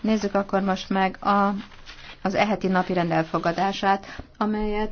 Nézzük akkor most meg a, az eheti napi rendelfogadását, amelyet